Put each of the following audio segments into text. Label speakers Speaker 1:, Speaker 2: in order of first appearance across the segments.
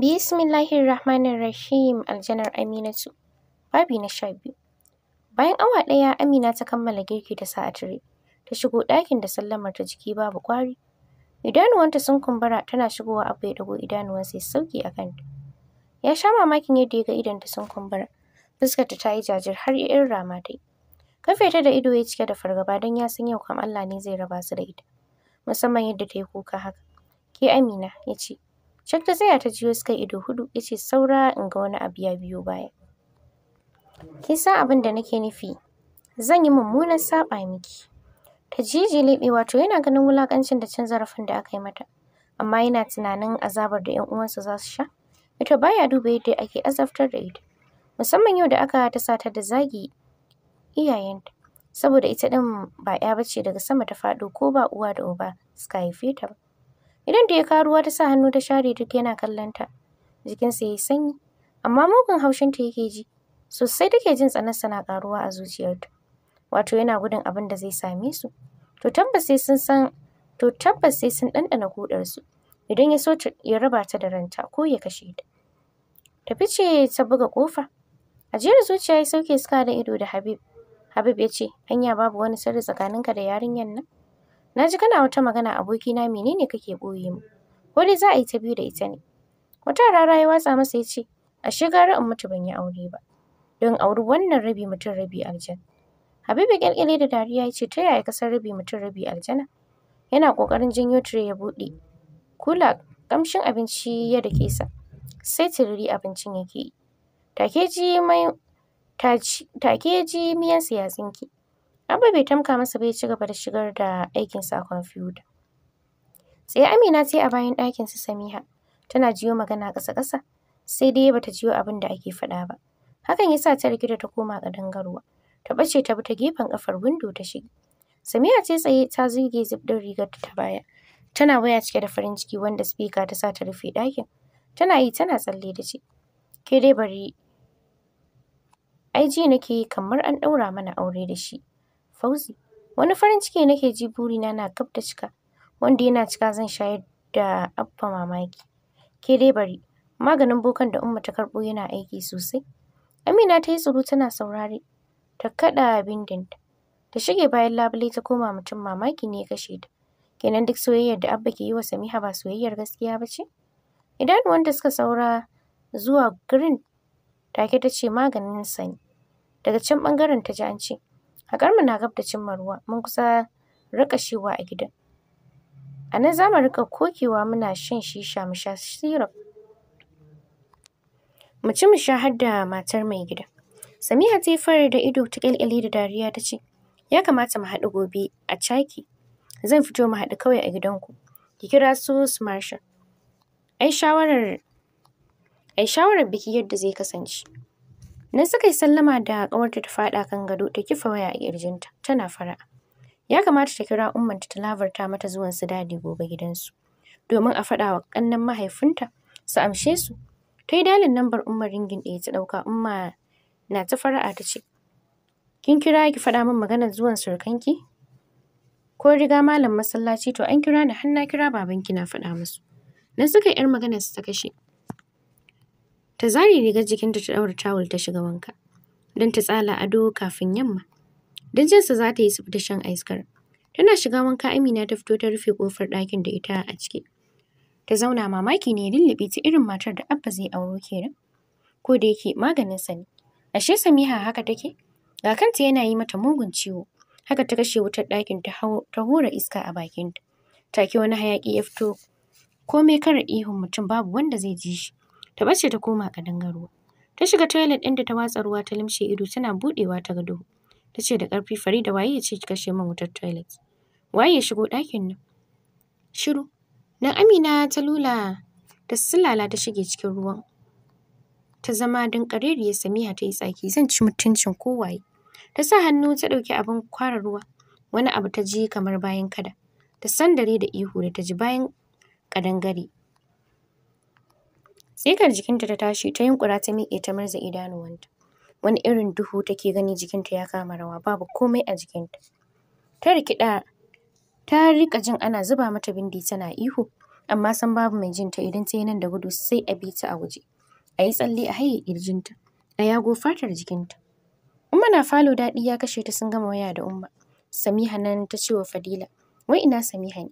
Speaker 1: Bismillahirrahmanirrahim aljanar Aminatu. Babi na sha biyu. Bayan awa ɗaya Amina ta kammala girki da sa tire, ta shigo ɗakin da sallamar ta jiki babu ƙwari. Idanuwanta sun kumbura tana shigowa abu ya ɗago idanuwan sai sauki a kanta. Ya sha mamakin yadda ya ga idonta sun kumbura. Fuskarta ta yi jajir har ya irin rama ta yi. Kafe ta da ido ya cike da fargaba don ya san yau kam Allah ne zai raba su da ita. Musamman yadda ta yi kuka haka. Ke Amina, ya ce, Cak ta tsaya ta jiyo suka ido hudu ya ce saura in ga wani abu ya biyo baya. Kin san abin da nake nufi? Zan yi mummunan saɓa miki. Ta jiji leɓe wato yana ganin wulaƙancin da cin zarafin da aka yi mata. Amma yana tunanin azabar da 'yan uwansa za su sha. Ita baya duba yadda ake azaftar da ita. Musamman yau da aka tasata ta da zagi iyayenta. Saboda ita ɗin ba 'ya bace daga sama ta faɗo ko ba uwa da uba suka haife ta ba. Idan da ya karuwa ta sa hannu ta share duk yana kallon Jikinsa ya yi sanyi, amma mugun haushinta yake ji. Sosai take jin tsanarsa na karuwa a zuciyarta. Wato yana gudun abin da zai same su. To tabbas sai sun san to tabbas sai sun ɗanɗana kuɗarsu. Idan ya so ya raba ta da ranta ko ya kashe ta. Ta fice ta buga ƙofa. Ajiyar zuciya ya sauke suka da ido da Habib. Habib ya ce, hanya babu wani sirri tsakaninka da yarinyar nan? Na ji kana wata magana abokina menene kake ɓoye mu? Ko dai za a yi ta biyu da ita ne? Wata rara ya watsa masa ya ce, ashe gara in mutu ban yi aure ba. Don auri wannan rabi mutum rabi aljanna. Habibu ƙyalƙyale da dariya ya ce ta yaya ka rabi mutum rabi aljana? Yana ƙoƙarin janyo tire ya buɗe. Kula ƙamshin abinci ya dake sa. Sai tiriri abincin yake yi. Take ji take ji miyansa ya tsinke. Abba bai tamka masa ba ya ci gaba da shigar da aikinsa a kwamfuta. Tsaye Amina yi a bayan sa Samiha, tana jiyo magana ƙasa-ƙasa, sai dai bata jiyo abin da ake faɗa ba. Hakan ya sa ta da ta koma ƙadangarwa. Ta ɓace ta bi ta gefen ƙafar windo ta shige. Samiha ce tsaye ta zige zip ɗin rigarta ta baya. Tana waya cike da farin ciki wanda sifika ta sa ta rufe ɗakin. Tana yi tana tsalle da ce, Ke dai bari, ai ji nake yi kamar an ɗaura mana aure da shi. Fauzi, wani farin ciki nake ji burina na gab da cika, wanda yana cika zan shayar da Abba mamaki. Ke dai bari, maganin bokan da Umma ta karɓo yana aiki sosai. Amina ta yi tsoro tana saurare, ta kaɗa bindinta, ta shige bayan labule ta koma mutum mamaki ne ya kashe ta. Kenan duk soyayyar da Abba ke yi wa Samiha ba soyayyar gaskiya ba ce? wanda suka saura zuwa green take ta ce maganin ne. Daga can bangaren ta ji an ce, mu na gab da cimma ruwa, mun kusa riƙashewa a gidan. A nan za mu riƙa kokewa muna shan shisha mu sha syrup. Mu ci mu sha har da matar mai gida. Samiha ta yi fari da ido ta ƙyalƙyale da dariya ta ce, ya kamata mu haɗu gobe a Caki. Zan fito mu haɗu kawai a gidanku. Ki kira su su Ai shawarar ai shawarar biki yadda zai kasance. na suka yi sallama da ƙawarta ta faɗa kan gado ta kifa waya a ƙirjinta, tana fara'a. Ya kamata ta kira ummanta ta labarta mata zuwan su dadi gobe gidansu, domin a faɗa wa ƙannen mahaifinta su amshe su. Ta yi dalin lambar umar ringin ɗaya ta ɗauka umma na ta fara'a ta ce, Kin kira ki faɗa min maganar zuwan surukanki? Ko riga malam masallaci to an kira ni har na kira babanki na faɗa musu. Nan suka yi ‘yar maganar su ta kashe. Ta zare rigar jikinta ta ɗaura tawul ta shiga wanka. Don ta tsala ado kafin yamma. Don jinsa za ta yi su fita shan iskar. Tana shiga wanka Amina ta fito ta rufe ƙofar ɗakin da ita a ciki. Ta zauna mamaki ne lullube ta irin matar da Abba zai auro kenan. Ko da yake maganin sa ne. Ashe Samiha haka take? Ga kanta yana yi mata mugun ciwo. Haka ta kashe wutar ɗakin ta hura iska a bakinta. Take wani hayaki, ya fito komai kara ihun mutum babu wanda zai ji shi. ta ɓace ta koma ƙadangaruwa. Ta shiga toilet ɗin da ta watsa ruwa ta limshe ido tana buɗewa ta ga duhu. Ta ce da ƙarfi Farida waye ya ce ki kashe min wutar toilet? Waye ya shigo ɗakin nan? Shiru. Nan Amina ta lula ta sulala ta shige cikin ruwan. Ta zama kareriya Samiha ta yi tsaki zan ci mutuncin kowaye. Ta sa hannu ta ɗauki abin kwara ruwa. Wani abu ta ji kamar bayan kada. Ta sandare da ihu da ta ji bayan ƙadangare. Tsikar jikinta ta tashi ta yunƙura ta miƙe ta murza idanuwanta. Wani irin duhu take gani jikinta ya kama rawa babu komai a jikinta. Ta rikiɗa ta riƙa jin ana zuba mata bindi tana ihu amma san babu mai jin ta idan ta yi nan da gudu sai a bi ta a waje. A yi tsalle a haye ƙirjinta a yago fatar jikinta. Umma na falo daɗi ya kashe ta sun gama waya da Umma. Samiha nan ta ce wa Fadila, wai ina Samiha ne?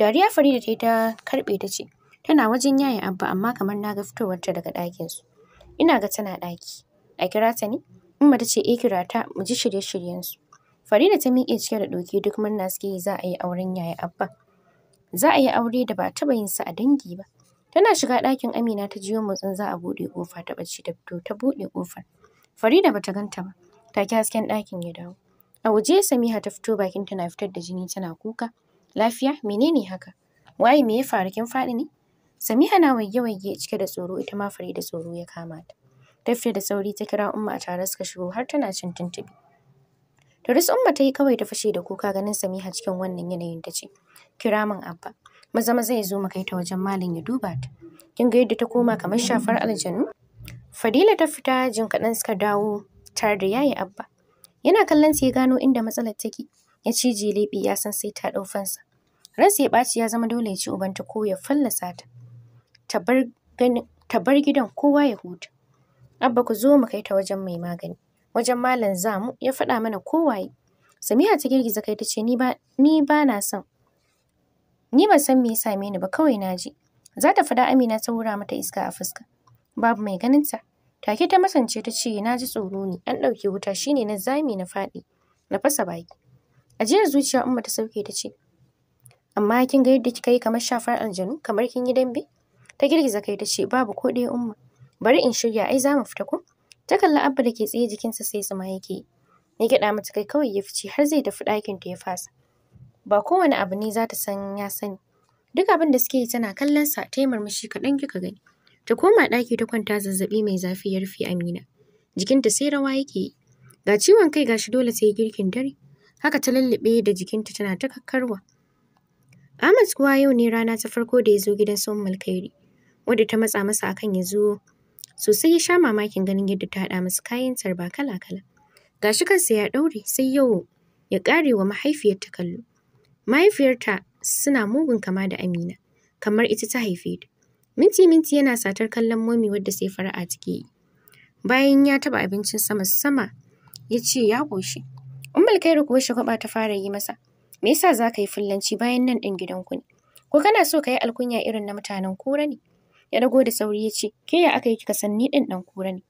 Speaker 1: Dariya Farida ta yi ta karɓe ta ce, Tana wajen yayin Abba amma kamar na ga fitowarta daga ɗakinsu. Ina ga tana ɗaki. A kira ta ne? Umma ta ce, eh kira ta mu ji shirye-shiryensu. Farida ta miƙe cike da ɗoki duk murna suke yi za a yi auren yayin Abba. Za a yi aure da ba a taɓa yin sa a dangi ba. Tana shiga ɗakin Amina ta jiyo motsin za a buɗe kofa ta ɓace ta fito ta buɗe ƙofar. Farida bata ganta ba. Take hasken ɗakin ya dawo. A waje Samiha ta fito bakin na fitar da jini tana kuka. Lafiya menene haka? Waye me ya faru kin faɗi ne? Samiha na waige-waige cike da tsoro ita ma da tsoro ya kama ta. Tafiya da sauri ta kira Umma a tare suka shigo har tana cin tuntuɓe. Turis Umma ta yi kawai ta fashe da kuka ganin Samiha cikin wannan yanayin ta ce, Kira min Abba, maza maza ya zo mu kai ta wajen malam ya duba ta. Kin ga yadda ta koma kamar shafar aljanu? Fadila ta fita jin kaɗan suka dawo tare da yayi Abba. Yana kallon sai ya gano inda matsalar take. Ya cije leɓe ya san sai ta ɗau fansa. Ransa ya ɓaci ya zama dole ya ci ubanta ko ya fallasa ta. ta bar gidan kowa ya huta. Abba ku zo mu kai ta wajen mai magani. Wajen malam zamu ya faɗa mana kowaye. Samiha ta girgiza kai ta ce ni ba na son. Ni ba san me ya same ni ba kawai na ji. Za ta faɗa Amina ta wura mata iska a fuska. Babu mai ganin ta. Take ta masance ta ce na ji tsoro ne an ɗauke wuta shine na zami na faɗi na fasa baki. Ajiyar zuciya Umma ta sauke ta ce amma kin ga yadda kika yi kamar shafar aljanu kamar kin yi dambe ta girgiza kai ta ce babu ko ɗaya umma bari in shirya ai za mu fita ko ta kalli abba da ke tsaye jikinsa sai tsuma yake ya gyaɗa mata kai kawai ya fice har zai tafi ɗakin ta ya fasa ba kowane abu ne za ta san ya sani duk abin da suke yi tana kallon sa ta yi murmushi kaɗan kika gani ta koma ɗaki ta kwanta zazzaɓi mai zafi ya rufe Amina jikinta sai rawa yake yi ga ciwon kai gashi dole sai girkin dare haka ta lallaɓe da jikinta tana ta kakkarwa Ahmad kuwa yau ne rana ta farko da ya zo gidan su malkairi wadda ta matsa masa akan ya zo sosai ya sha mamakin ganin yadda ta haɗa masa kayan tarba kala-kala. Gashi kansa ya ɗaure sai yau ya ƙare wa mahaifiyarta kallo. Mahaifiyarta suna mugun kama da Amina, kamar ita ta haife ta. Minti-minti yana satar kallon momi wadda sai fara'a take yi. Bayan ya taɓa abincin sama-sama, ya ce ya ƙoshi. Umar Kairu kuwa shagwaba ta fara yi masa. Me yasa za ka yi fullanci bayan nan ɗin ku ne? Ko kana so ka yi alkunya irin na mutanen kura ne? ya dago da sauri ya ce, ke ya aka yi kika san ni ɗin ɗan kura ne.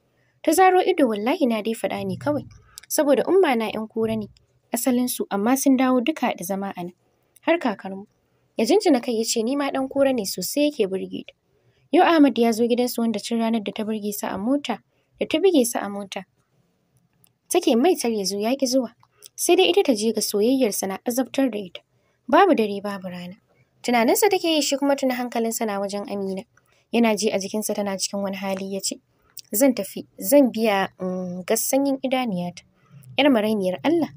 Speaker 1: Ta zaro ido wallahi na dai faɗa ne kawai, saboda umma na ‘yan kura ne, su, amma sun dawo duka da zama a nan. Har kakarmu. Ya jinjina kai ya ce ni ma ɗan kura ne sosai yake burge da. Yau Ahmad ya zo gidansu wanda cin ranar da ta burge sa a mota, da ta buge sa a mota. Take mai tar ya zo ya ki zuwa, sai dai ita ta je ga soyayyarsa na azabtar da ita. Babu dare babu rana. Tunaninsa take yi shi kuma tuna hankalinsa na wajen Amina. yana ji a jikinsa tana cikin wani hali ya ce zan tafi zan biya mm, gassanyin sanyin idaniyata yar marainiyar Allah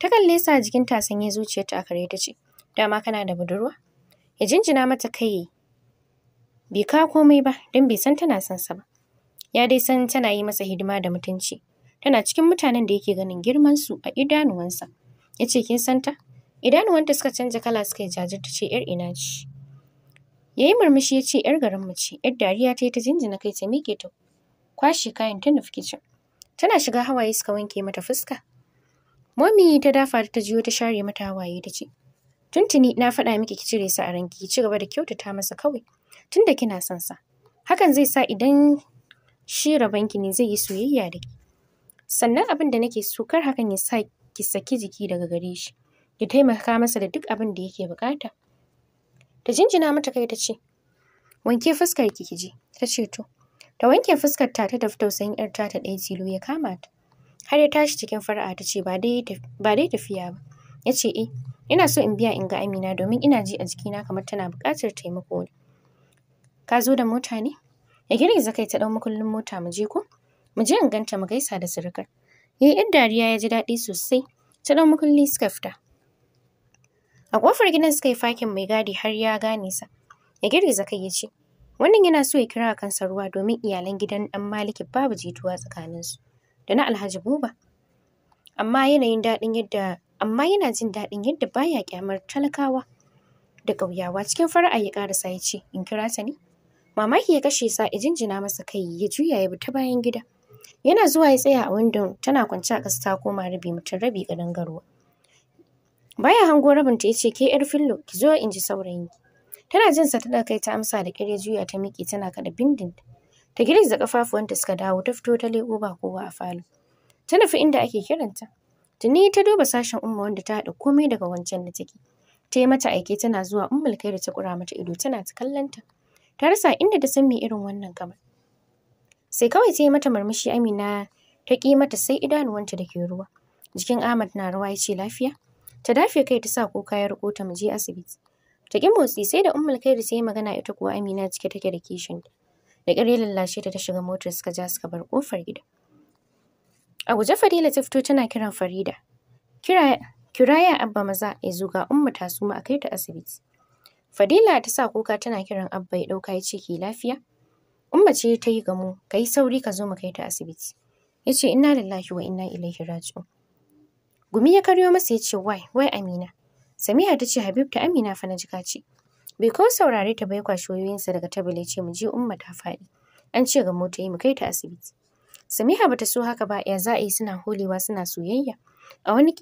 Speaker 1: ta kalle sa jikin ta ya zuciyarta a kare ta ce dama kana da budurwa ya jinjina mata kai bai ka komai ba don bai san tana son sa ba ya dai san tana yi masa hidima da mutunci tana cikin mutanen da yake ganin girman su a idanuwansa ya ce kin santa idanuwanta suka canza kala suka yi jajirta ce yar ina ce Yayi murmushi ya ce ‘yar garinmu ce, ‘yar dariya ta yi ta jinjina kai ta miƙe ta kwashe kayan ta nufi kicin. Tana shiga hawaye suka wanke mata fuska. Momi ta dafa ta jiyo ta share mata hawaye ta ce, Tuntuni na faɗa miki ki cire sa a ranki ki ci gaba da kyautata masa kawai tunda kina son sa. Hakan zai sa idan shi rabanki ne zai yi soyayya da ki. Sannan abin da nake so kar hakan ya sa ki saki jiki daga gare shi. Ki taimaka masa da duk abin da yake buƙata. Da jinjina mata kai ta ce wanke fuskar ki kije ta ce to ta wanke fuskar ta ta tafi tausayin yar ta ta ɗaya tilo ya kama ta har ya tashi cikin fara'a ta ce ba dai tafiya ba ya ce eh ina so in biya in ga Amina domin ina ji a jikina kamar tana buƙatar taimako ne ka zo da mota ne ya girgiza kai ta ɗau makullin mota mu je ko mu je in ganta mu gaisa da surukar Yayin yar dariya ya ji daɗi sosai ta ɗau makulli suka fita A ƙofar gidan suka yi fakin mai gadi har ya gane sa. Ya girgiza kai ya ce, wannan yana so ya kira kansa ruwa domin iyalan gidan ɗan Maliki babu jituwa tsakaninsu da na Alhaji Buba. Amma yanayin daɗin yadda amma yana jin daɗin yadda baya kyamar talakawa da ƙauyawa cikin fara'a ya ƙarasa ya ce, in kira ta ne? Mamaki ya kashe sa ya jinjina masa kai ya juya ya bi ta bayan gida. Yana zuwa ya tsaya a windon tana kwance a ƙasa ta koma rabi mutum rabi ƙadangarwa. Baya hango rabinta ya ce ke ‘yar fillo ki zo in ji saurayin ki!" Tana jin sa tana kai ta amsa da ƙyar juya ta miƙe tana kada bindin. Ta giris da kafafuwanta suka dawo ta fito ta le, ba kowa a falo. Ta nufi inda ake kiranta. Tuni ta duba sashen Umma wanda ta haɗa komai daga wancan da take. Ta yi mata aike tana zuwa Ummul kai da ta kura mata ido tana ta kallonta. Ta rasa inda ta san me irin wannan kamar. Sai kawai ta yi mata murmushi Amina ta ƙi mata sai idanuwanta da ke ruwa. Jikin Ahmad na rawa ya ce lafiya. Ta dafe kai ta sa kuka ya rukota mu je asibiti. Ta ƙi motsi sai da Ummul kai ta yi magana ita kuwa Amina cike take da kishin. Da kare lallashe ta ta shiga motar suka ja suka bar kofar gida. A guje Farida ta fito tana kiran Farida. Kira kiraya Abba maza ya zo ga Ummu ta suma ma kai ta asibiti. Fadila ta sa kuka tana kiran Abba ya dauka ya ce ki lafiya. Umma ce ta yi gamo, ka yi sauri ka zo mu kai ta asibiti. yace inna lillahi wa inna ilaihi raji'un. Gumi ya karyo masa ya ce wai, wai Amina. Samiha ta ce Habib ta Amina fa na jika ce. Bai kawo saurare ta bai kwashi wayoyinsa daga tabul ce mu je Umma ta faɗi. An ce ga mota yi mu kai ta asibiti. Samiha bata so haka ba ya za a yi suna holewa suna soyayya. A wani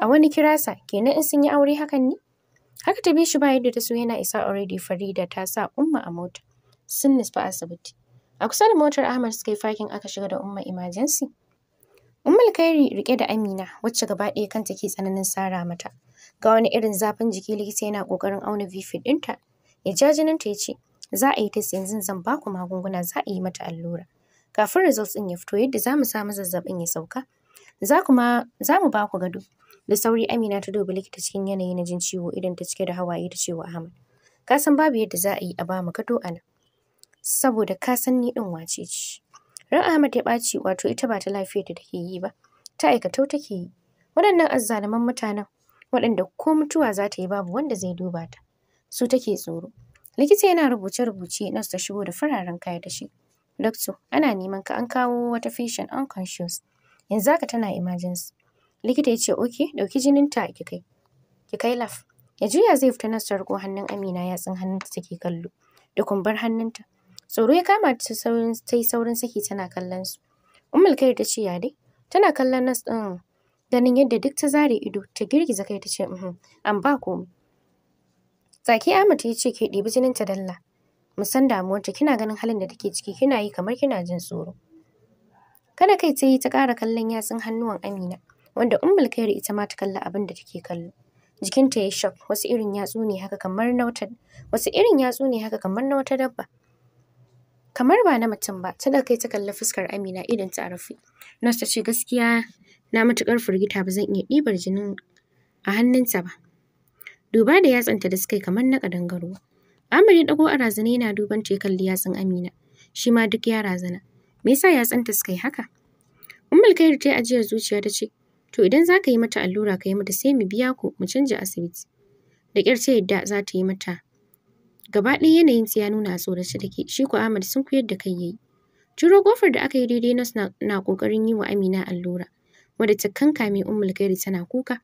Speaker 1: a wani kirasa kenan in sun yi aure hakan ne? Haka ta bi shi ba yadda ta so yana isa already Farida ta sa Umma a mota. Sun nisfa asibiti. A kusa da motar Ahmad suka yi fakin aka shiga da Umma emergency. Ummul Khairi rike da Amina wacce gaba ɗaya kanta ke tsananin sara mata. Ga wani irin zafin jiki likita yana ƙoƙarin auna BP ɗinta. Ya ja jininta ya ce, za a yi test yanzu zan ba ku magunguna za a yi mata allura. Kafin results ɗin ya fito yadda za mu samu zazzabin ya sauka. Za kuma za mu ba ku gado. Da sauri Amina ta dubi likita cikin yanayi na jin ciwo idan ta cike da hawaye ta ce wa Ahmad. Ka san babu yadda za a yi a ba mu gado a nan. Saboda ka san ni ɗin wace ce. Ran Ahmad ya ɓaci wato ita ba ta lafiyar da take yi ba, ta aikatau take yi. Waɗannan azzaluman mutanen waɗanda ko mutuwa za ta yi babu wanda zai duba ta, su take tsoro. Likita yana rubuce-rubuce nas ta shigo da fararen kaya da shi. Doctor, ana neman ka an kawo wata patient unconscious. Yanzu haka tana emergency. Likita ya ce, "Okay, ɗauki jininta ki kai." Ki kai lab. Ya juya zai fita nas ta hannun Amina yatsun hannunta take kallo da kumbar hannunta. Tsoro ya kama ta saurin ta yi saurin saki tana kallon su. Ummul kai ta ce ya dai? Tana kallon nas ɗin ganin yadda duk ta zare ido ta girgiza kai ta ce uhum an ba komai. Tsaki Ahmad ya ce ke ɗibi jinin ta dalla. Mu san damuwarta kina ganin halin da take ciki kina yi kamar kina jin tsoro. Kada kai ta yi ta ƙara kallon yatsun hannuwan Amina wanda Ummul Kairi ita ma ta kalli abin da take kallo. Jikinta ya shock wasu irin yatsu ne haka kamar na wasu irin yatsu ne haka kamar na wata dabba. kamar ba na mutum ba ta da kai ta kalli fuskar Amina idan ta rufe Nas ta ce gaskiya na matukar firgita ba zan iya ɗibar jinin a hannunta ba duba da yatsanta da suka yi kamar na kadangarwa Amir ya dago a razana yana duban ta kalli yatsun Amina shi ma duk ya razana me yasa yatsanta suka yi haka Ummul Khair ta yi ajiyar zuciya ta ce to idan za ka yi mata allura ka yi mata sai mu biya ku mu canja asibiti da ƙyar ta yadda za ta yi mata Gaba ɗaya yanayin yanayinsa ya nuna a tsorace take, shi ko Ahmad sun kuyar da kai yayi. Juro gofar da aka yi daidai nas na kokarin yi wa Amina allura, wadda ta mai Ummul tana kuka.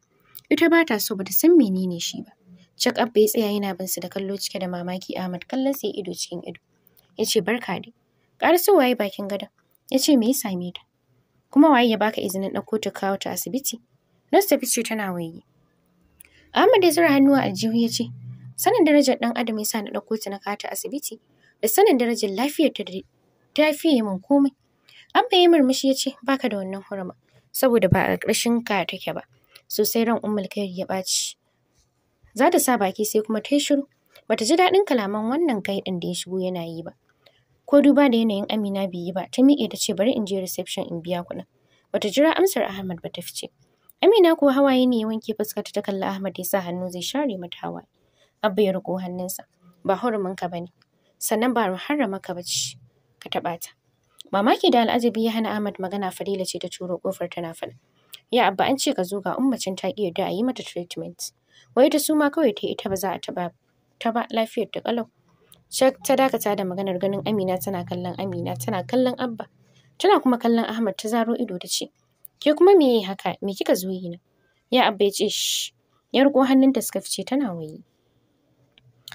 Speaker 1: Ita ba ta so bata san menene shi ba. Cak Abba ya tsaya yana bin su da kallo cike da mamaki Ahmad kallon sa ido cikin ido. Ya ce barka dai. so waye bakin gadon. Ya ce me ya same ta? Kuma waye ya baka izinin ɗauko ta kawo ta asibiti? Nas ta fice tana waye. Ahmad ya zura hannu a aljihu ya ce Sanin darajar ɗan adam ya sa na ɗauko ta na kata asibiti, da sanin darajar lafiyar ta ta fiye min komai. Abba ya murmushi ya ce, baka da wannan hurma, saboda ba a ƙarshen ka take ba. Sosai ran Ummul ya ɓaci. Za ta sa baki sai kuma ta yi shiru. Bata ji daɗin kalaman wannan kai ɗin da ya shigo yana yi ba. Ko duba da yanayin Amina bai yi ba, ta miƙe ta ce bari in je reception in biya kuɗin. Bata jira amsar Ahmad ba ta fice. Amina kuwa hawaye ne ya wanke fuskarta ta kalli Ahmad ya sa hannu zai share mata hawaye. Abba ya riko hannunsa. Ba huruminka ba ne, sannan ba harramaka ba ce, ka taɓa ta. Mamaki da al'ajabi ya hana Ahmad magana farila ce ta turo ƙofar tana faɗa. Ya Abba an ce ka zo ga ummacin ta ƙi yarda a yi mata treatment. Wai ta ma kawai ta ita ba za a taɓa ta ba lafiyar ta ƙalau. Shak ta dakata da maganar ganin Amina tana kallon Amina tana kallon Abba. Tana kuma kallon Ahmad ta zaro ido ta ce, Ke kuma me haka me kika zo yi na? Ya Abba ya ce, shi. ya riƙo hannunta suka fice tana waye.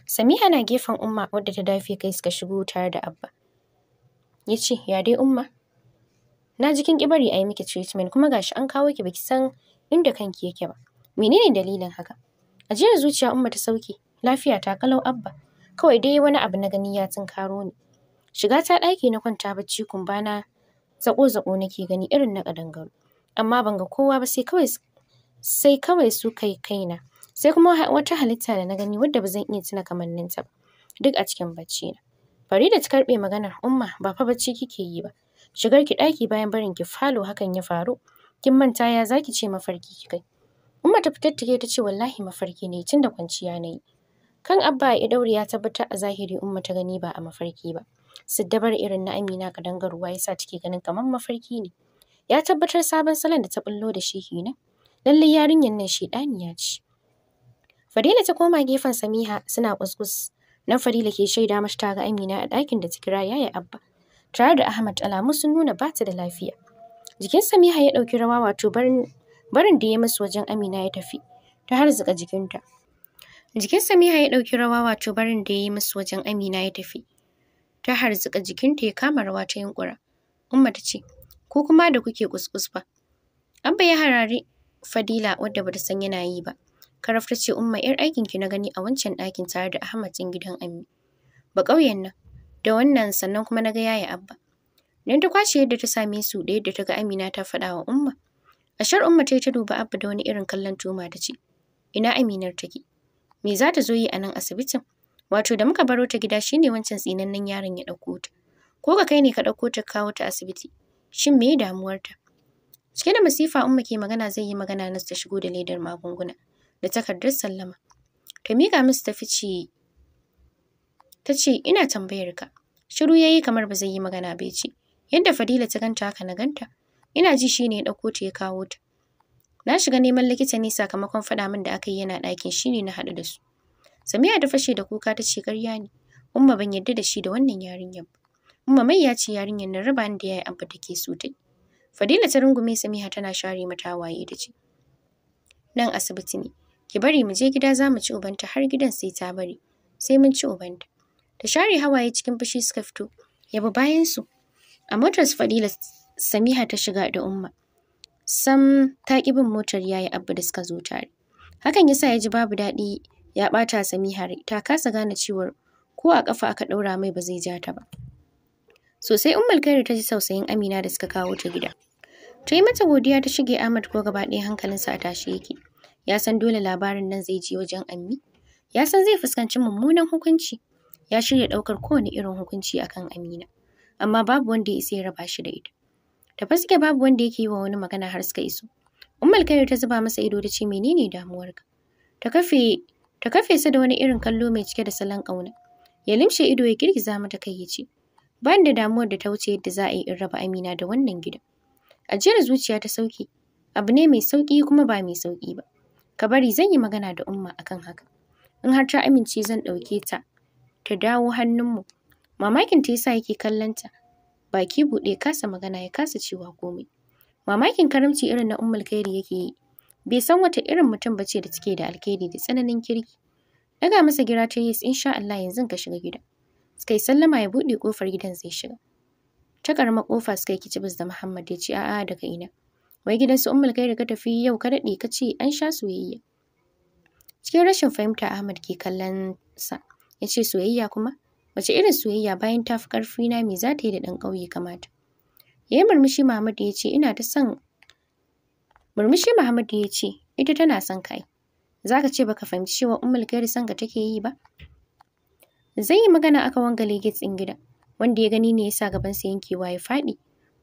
Speaker 1: Samiha na gefen Umma wadda ta dafe kai suka shigo tare da Abba. Ya ce, ya dai Umma? Na ji kin a yi miki treatment kuma gashi an kawo ki baki san inda kanki yake ba. Menene dalilin haka? Ajiyar zuciya Umma ta sauke, lafiya ta kalau Abba. Kawai dai wani abu na gani ya tunkaro ni. Shiga ta ɗaki na kwanta bacci kumbana zaƙo-zaƙo nake gani irin na ƙadangaru. Amma ban ga kowa ba sai kawai sai kawai su kai kaina. Sai kuma wata halitta da na gani wadda ba zan iya tuna kamanninta ba, duk a cikin bacci na. da ta karbe maganar Umma ba fa bacci kike yi ba. Shigar ki ɗaki bayan barin ki falo hakan ya faru. Kin manta ya zaki ce mafarki ki kai Umma ta fitattake ta ce wallahi mafarki ne tun da kwanciya na yi. Kan Abba ya ɗaure ya tabbatar a zahiri Umma ta gani ba a mafarki ba. Siddabar irin na Amina kadangarwa ya sa take ganin kamar mafarki ne. Ya tabbatar sabon salon da ta bullo da shi kenan. Lallai yarinyar nan shedaniya ce. Fadila ta koma gefen Samiha suna kuskus. Nan Fadila ke shaida mashi ta ga Amina a ɗakin da ta kira yaya Abba. Tare da Ahmad alamu sun nuna ba ta da lafiya. Jikin Samiha ya ɗauki rawa wato barin barin da ya wajen Amina ya tafi. Ta harzuka jikinta. Jikin Samiha ya ɗauki rawa wato barin da ya yi musu wajen Amina ya tafi. Ta harzuka jikinta ya kama rawa ta yunƙura. Umma ta ce, ko kuma da kuke kuskus ba. Abba ya harari Fadila wadda bata san yana yi ba. Karaf ce Umma ‘yar aikin ki na gani a wancan ɗakin tare da Ahmad ɗin gidan Amina. Ba ƙauyen nan, da wannan sannan kuma na ga yaya Abba. Nan ta kwashe yadda ta same su da yadda ta ga Amina ta faɗa wa Umma. Ashar Umma ta yi ta duba Abba da wani irin kallon tuma da ce, Ina Aminar take? Me za ta zo yi a nan asibitin? Wato da muka baro ta gida shine wancan tsinannen yaron ya ɗauko ta. Ko ka kai ne ka ɗauko ta kawo ta asibiti? Shin me damuwarta? Cike da masifa Umma ke magana zai yi magana nas ta shigo da ledar magunguna. da takardar sallama. Ka miƙa musu ta fice ta ce ina tambayar ka. Shiru ya yi kamar ba zai yi magana bai ce yadda Fadila ta ganta haka na ganta ina ji shi ne ya ɗauko ta ya kawo ta. Na shiga neman likita ne sakamakon faɗa min da aka yi yana ɗakin shi ne na haɗu da su. Samiya ta fashe da kuka ta ce ƙarya ne. Umma ban yarda da shi da wannan yarinyar ba. Umma mai ya ce yarinyar na raba ni da yayi da ke so ta yi. Fadila ta rungume Samiha tana share mata waye da ce. Nan asibiti ne. Ki bari mu je gida za mu ci ubanta har gidan sai ta bari. Sai mun ci ubanta. Ta share hawaye cikin fushi suka fito. Yaba bayan su. A motar su Fadila Samiha ta shiga da Umma. Sam ta ki bin motar yayi abu da suka zo tare. Hakan yasa ya ji babu daɗi ya ɓata Samiha rai. Ta kasa gane cewar ko a ƙafa aka ɗaura mai ba zai ja ta ba. Sosai Ummul Khairu ta ji tausayin Amina da suka kawo ta gida. Ta yi mata godiya ta shige Ahmad ko gaba ɗaya hankalinsa a tashi yake. Ya san dole labarin nan zai je wajen Ammi. Ya san zai fuskanci mummunan hukunci. Ya shirya ɗaukar kowane irin hukunci akan Amina. Amma babu wanda ya isa ya raba shi da ita. Da faske babu wanda yake yi wa wani magana har suka iso. ummul Kayo ta zuba masa ido ta ce menene damuwarka? Ta kafe ta kafe sa da wani irin kallo mai cike da salon ƙauna. Ya limshe ido ya girgiza mata kai ya ce, Ba da damuwar da ta wuce yadda za a yi in raba Amina da wannan gida Ajiyar zuciya ta sauki, abu ne mai sauki kuma ba mai sauki ba. Ka bari zan yi magana da Umma akan haka. In har ta amince zan ɗauke ta ta dawo hannunmu. Mamakin ta yasa yake kallon ta. Baki buɗe kasa magana ya kasa cewa komai. Mamakin karamci irin na Ummul kairi yake yi. Bai san wata irin mutum bace da take da alkhairi da tsananin kirki. Daga masa gira ta yi insha Allah yanzu ka shiga gida. Suka yi sallama ya buɗe ƙofar gidan zai shiga. Ta ƙaramar ƙofa suka yi kicibis da Muhammad ya ce a'a daga ina. wai gidan su ummul kai ka tafi yau ka daɗe ka ce an sha soyayya cikin rashin fahimta Ahmad ke kallon sa ya ce soyayya kuma wace irin soyayya bayan ta fi ƙarfi na me za ta yi da ɗan ƙauye kamata yayi murmushi Muhammad ya ce ina ta son murmushi Muhammad ya ce ita tana son kai zaka ce baka fahimci cewa ummul kai son ka take yi ba zai yi magana aka wanga gates ɗin gida wanda ya gani ne yasa sa yankewa ya faɗi.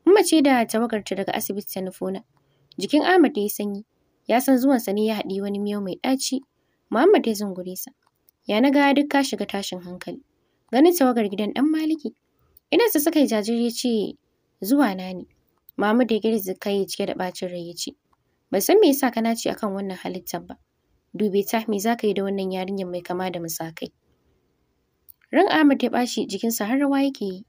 Speaker 1: Umma mace da tawagarta daga asibiti ta nufona Jikin Ahmad ya yi sanyi, ya san zuwansa ne ya haɗi wani miyau mai ɗaci. Muhammad ya zungure sa. Ya na ga duk ka shiga tashin hankali. Ganin tawagar gidan dan Maliki. sa suka yi jajir ya ce, zuwa na ne. Muhammad ya girzi kai cike da ɓacin rai ya ce, ban san me yasa ka nace akan wannan halittar ba. Dube ta me za ka yi da wannan yarinyar mai kama da musakai. Ran Ahmad ya ɓaci jikinsa har rawa yake yi.